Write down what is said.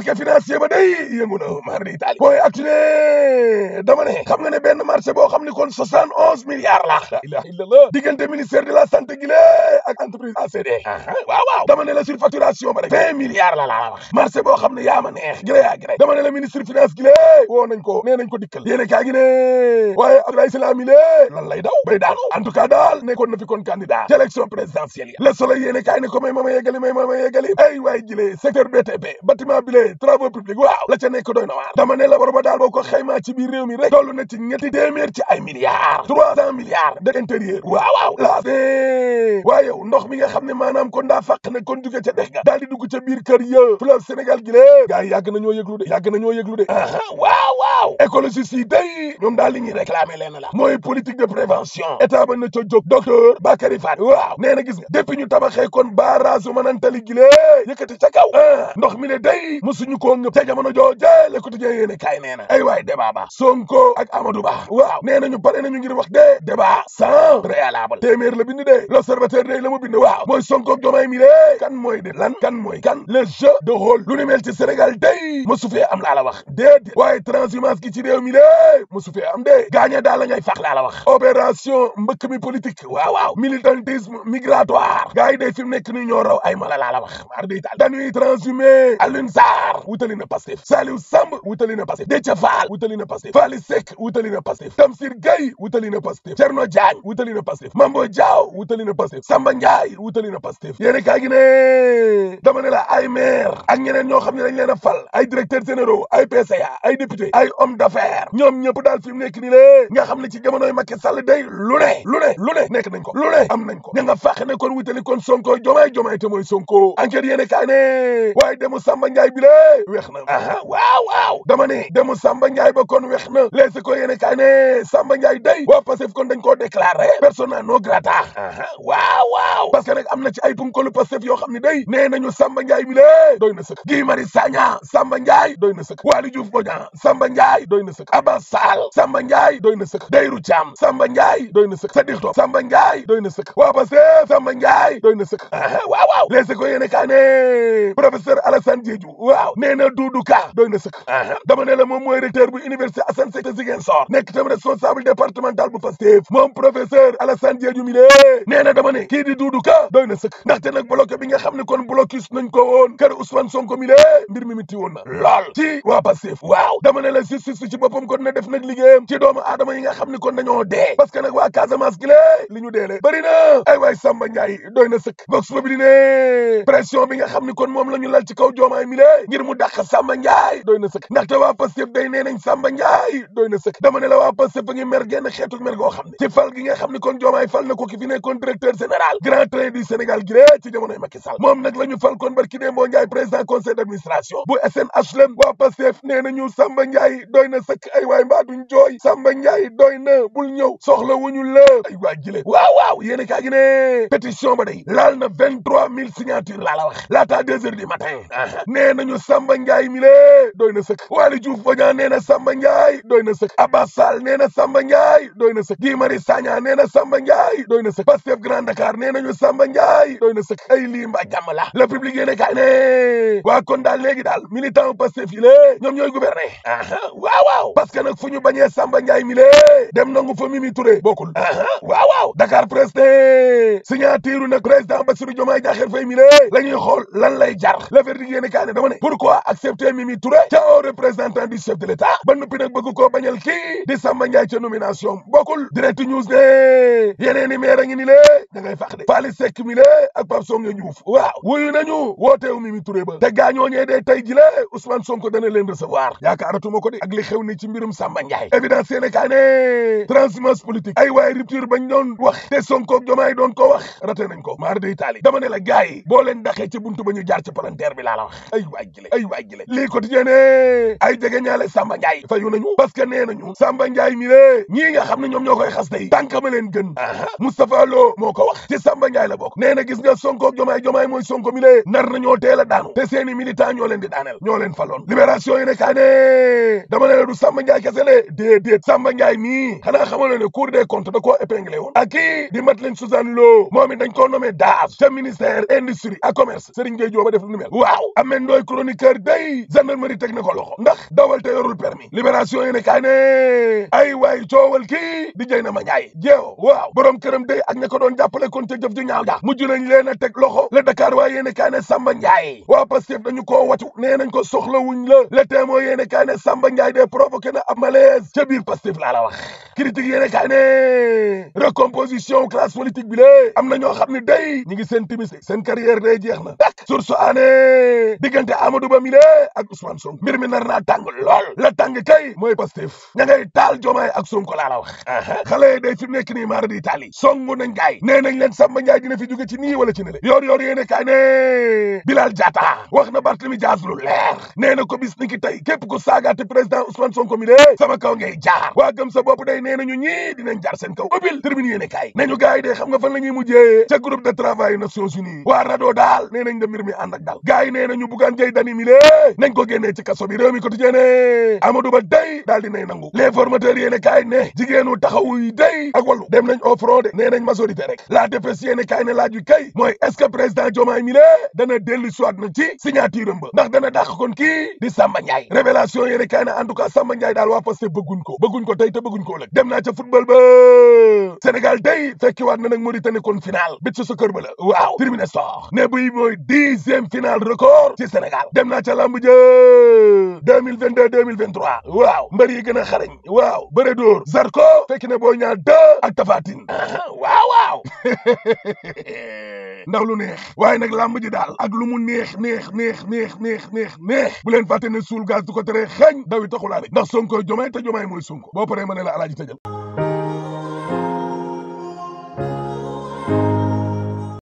marché financier ba day yëngu xam nga ne benn marché boo xam ni kon soixante onze milliards la la ilaha illallah diggante ministère de la santé gi la ak entreprise ACD waaw waaw dama la surfacturation ba rek vingt milliards la laa wax marché boo xam ne yaa ma neex yaa gi rek la ministre finance gi la woo dikkal yéene kaa ne waaye Abdoulaye Sylla mi lee lay daw bay daanu en tout cas daal nekkoon kon candidat ci élection présidentielle ya Le kaay ne de travaux waaw la ca nekk doy na waar dama ne la war ba daal boo ko xaymaa ci biir réew mi rek toll na ci ñetti téeméer ci ay milliards trois cent milliards de intérieur waaw waaw laa waaye yow ndox mi nga xam ne maanaam kon daa fàq ne kon jóge ca dex ga daal di dugg ca biir kër ya fleuve Sénégal gi lée gars yi yàgg na ñoo yëglu de yàgg na ñoo yëglu de waaw taxaw écologiste yi day ñoom daal li ñuy réclamer leen la mooy politique de prévention état ba na ca jóg docteur Bakary waaw nee gis nga depuis ñu tabaxee kon barrage su mënantali gi lee yëkkati ca kaw ah ndox mi ne day mosuñu koo ngëp ca jamono joojee Le Quotidien yéene kaay nee na ay waay débat ba Sonko ak Amadou Ba waaw nee nañu pare nañu ngir wax dee débat sans préalable téeméer la bind dee L'Observateur day la mu bind waaw mooy Sonko ak Diomaye mi kan mooy kan mooy kan le jeu de rôle lu ni mel day la wax déedéet violence gi ci réew mi lée mosu daal la ngay fax laa la wax opération mbëkk mi migratoire gars yi day fi ay mala laa la wax maar taal dañuy transhumé Alioune Sarr wutali na Samb wutali na Pastef Déthié Fall wutali na Pastef Fally Seck Tamsir Gueye wutali na Pastef Thierno Diagne wutali Samba Ndiaye wutali na Pastef yéene gi ne dama ne la ay maire ñoo xam ne dañ leen a fal ay homme d'affaires ñoom ñëpp daal fi mu nekk nii lée nga xam ne ci jamonoy Macky Sall day lu ne lu ne lu ne nekk nañ ko lu ne am nañ ko ña a fàq ne kon wutali kon Sonko jomaay jomaay te mooy Sonko enquête yéene kaay ne demu Samba Ndiaye bi lée weex na aha waaw waaw dama ne demu Samba Ndiaye ba kon weex na leesi ko yéene kaay ne Samba Ndiaye day waa Pastef kon dañ koo déclaré persona non grata aha waaw waaw parce am na ci ay punkalu Pastef yoo xam ne day nee nañu Samba Ndiaye bi lée doy na sëkk Guy Marius Sagna Samba Ndiaye doy Ndiaye doy na sëkk Abbas Samba Ndiaye doy na sëkk Dayru Top Samba Ndiaye doy na sëkk waa Pastef Samba Ndiaye doy na sëkk waaw waaw les écoles yéene kaa ne professeur Alassane Diédhiou waaw nee na Ka doy na sëkk dama ne la moom mooy recteur bu université Assane Seck Ziguinchor nekk tam responsable départemental bu Pastef moom professeur Alassane Diédhiou mi lee nee na kii di Doudou Ka doy na sëkk ndaxte nag bloqué bi nga xam ne kon blocus nañ ko woon kër Ousmane justice ci boppam kon ne def nag liggéeyam ci doomu aadama yi nga xam ni kon dañoo dee parce nag waa Casamance gi li ñu deelee bëri na ay waay Samba Ndiaye doy na sëkk vox populi ne pression bi nga xam ni kon moom la ñu lal ci kaw joomaay mi lée ngir mu dàq Samba Ndiaye doy na sëkk ndaxte waa Pastef day nee nañ Samba Ndiaye doy na sëkk dama ne la waa Pastef a ngi mer genn xeetu mer xam ne ci fal gi nga xam ni kon joomaay fal na ko ki fi nekkoon kon barki doy na sëkk ay waay mbaa duñ jooy Samba Ndiaye doy na bul ñëw soxla ñu la ay waay jile waaw waaw yéen a kaa gi ne pétition ba day laal na vingt trois mille signature laa la wax laataa deux heures du matin nee nañu Samba Ndiaye mi lee doy na sëkk Waly Diouf Bodian nee na Samba Ndiaye doy na sëkk Abbas Sall nee na Samba Ndiaye doy na sëkk Guy Marius Sagna nee na Samba Ndiaye doy na sëkk Pastef Grand Dakar nee nañu Samba Ndiaye na sëkk ay lii mbaa jàmm la le public yéen a ne waa kon daal léegi daal militant Pastef yi lée ñoom ñooy gouverner waaw waaw parce que nag fu ñu bañee Samba Ndiaye mi lee dem nangu fa Mimi Touré bokkul aha waaw waaw Dakar Presse ne signature nag président Bassirou Diomaye Diakhar Faye mi lee la ñuy xool lan lay jar l'affaire di yéene kaa ne dama ne pourquoi accepter Mimi Touré ca au représentant du chef de l'État ba noppi nag bëgg koo bañal kii di Samba Ndiaye ca nomination bokkul direct news ne yeneeni maire a ngi ni lee da ngay fax de Faly Seck mi lee ak Pape Songa Diouf waaw wuyu nañu wooteewu Mimi Touré ba ko ak li xew ne ci mbirum Samba Ndiaye évidence yéene ay ko wax raté nañ ko maar day taali dama ba ñu jaar ci palanteer bi laa la wax ay waay gile ay waay gile lii quotidien ne ay jege ñaale Samba Ndiaye fayu nañu parce que nee Samba Ndiaye mi ñii nga xam ne ñoom ñoo koy xas tey tànkama leen gën aha Moustapha moo ko wax ci Samba Ndiaye la bokk nee na gis nga Sonko Jomaay Jomaay mooy Sonko mi nar nañoo teel a daanu te seeni militant ñoo leen di daaneel ñoo leen faloon libération yi ne dama ne la du Samba Ndiaye kese de déedéet Samba Ndiaye mii xanaa xamal ne Cour des comptes da koo épinglé woon ak kii di Madeleine Suzanne Lo moom it dañ koo nommé DAF ca ministère industrie ak commerce Serigne Gueye Diop a def lu ni mel waaw Ameth Ndoye chroniqueur day gendarmerie teg na ko loxo ndax dawal te yorul permis libération yéene ay waay coowal kii di jëy na ma Ndiaye waaw borom këram day ak ña ko doon jàppale kon ca jëf ji ñaaw ja mujj leen a teg loxo le Dakar waaye yéene kaay ne Samba Ndiaye waa koo watu nee nañ ko la le témoin Samba waaye de provoqué na ab malaise ca biir laa la wax critique yéene kaay ne recomposition classe politique bi lée na ñoo xam ne day ñi ngi seen timis seen carrière day jeex na dak source aané diggante Amadou Ba mi lée ak Ousmane Sonko mbir mi nar naa tàng lool la tàng kay mooy Pastef ña taal Diomaye ak Sonko laa la wax xale day fi mu nekk nii di taal yi songu nañ gaay nee nañ leen Samba Ndiaye dina fi jóge ci nii wala ci ne le yoor yoor yéene kaay ne Bilal Diatta président Ousmane Sonko mi de sama kaw ngay jaar waa gëm sa bopp day nee nañu ñi dinañ jaar seen kaw ubbil tribune yéene kaay nañu gars yi de xam nga fan la ñuy mujjee ca groupe de travail Nations Unies waa rado daal nee nañ da mi ànd ak daal nee nañu buggaan ngay dani mi lée nañ ko génnee ci kaso bi réew mi quotidien ne Amadou Ba day daal dinay nangu les formateurs yéene kaay ne jigéenu taxawuy day ak wàllu dem nañ au front de nee nañ majorité rek la défense yéene kaay ne laaj wi kay mooy na ci signature am ba ndax kon kii di Samba Ndiaye révélation yéene kaay tout a Samba Ndiaye daal waa Pastef bëgguñ ko bëgguñ ko tey te bëgguñ ko ëllëg dem naa ca football ba Sénégal tey fekki waat na nag Mauritanie kon final bit su kër ba la waaw terminé sor ne buy mooy dixième final record ci Sénégal dem naa ca lamb ja 2022 2023 waaw mbër yi gën a xarañ waaw bëre dóor Zarko fekki ne booy ñaar deux ak Tafatine waaw waaw ndax lu neex waaye nag làmb ji daal ak lu mu neex neex neex neex neex neex neex bu waxulaa ndax Sonko Diomaye te Diomaye mooy Sonko boo paree ma ne la alaaji tëjal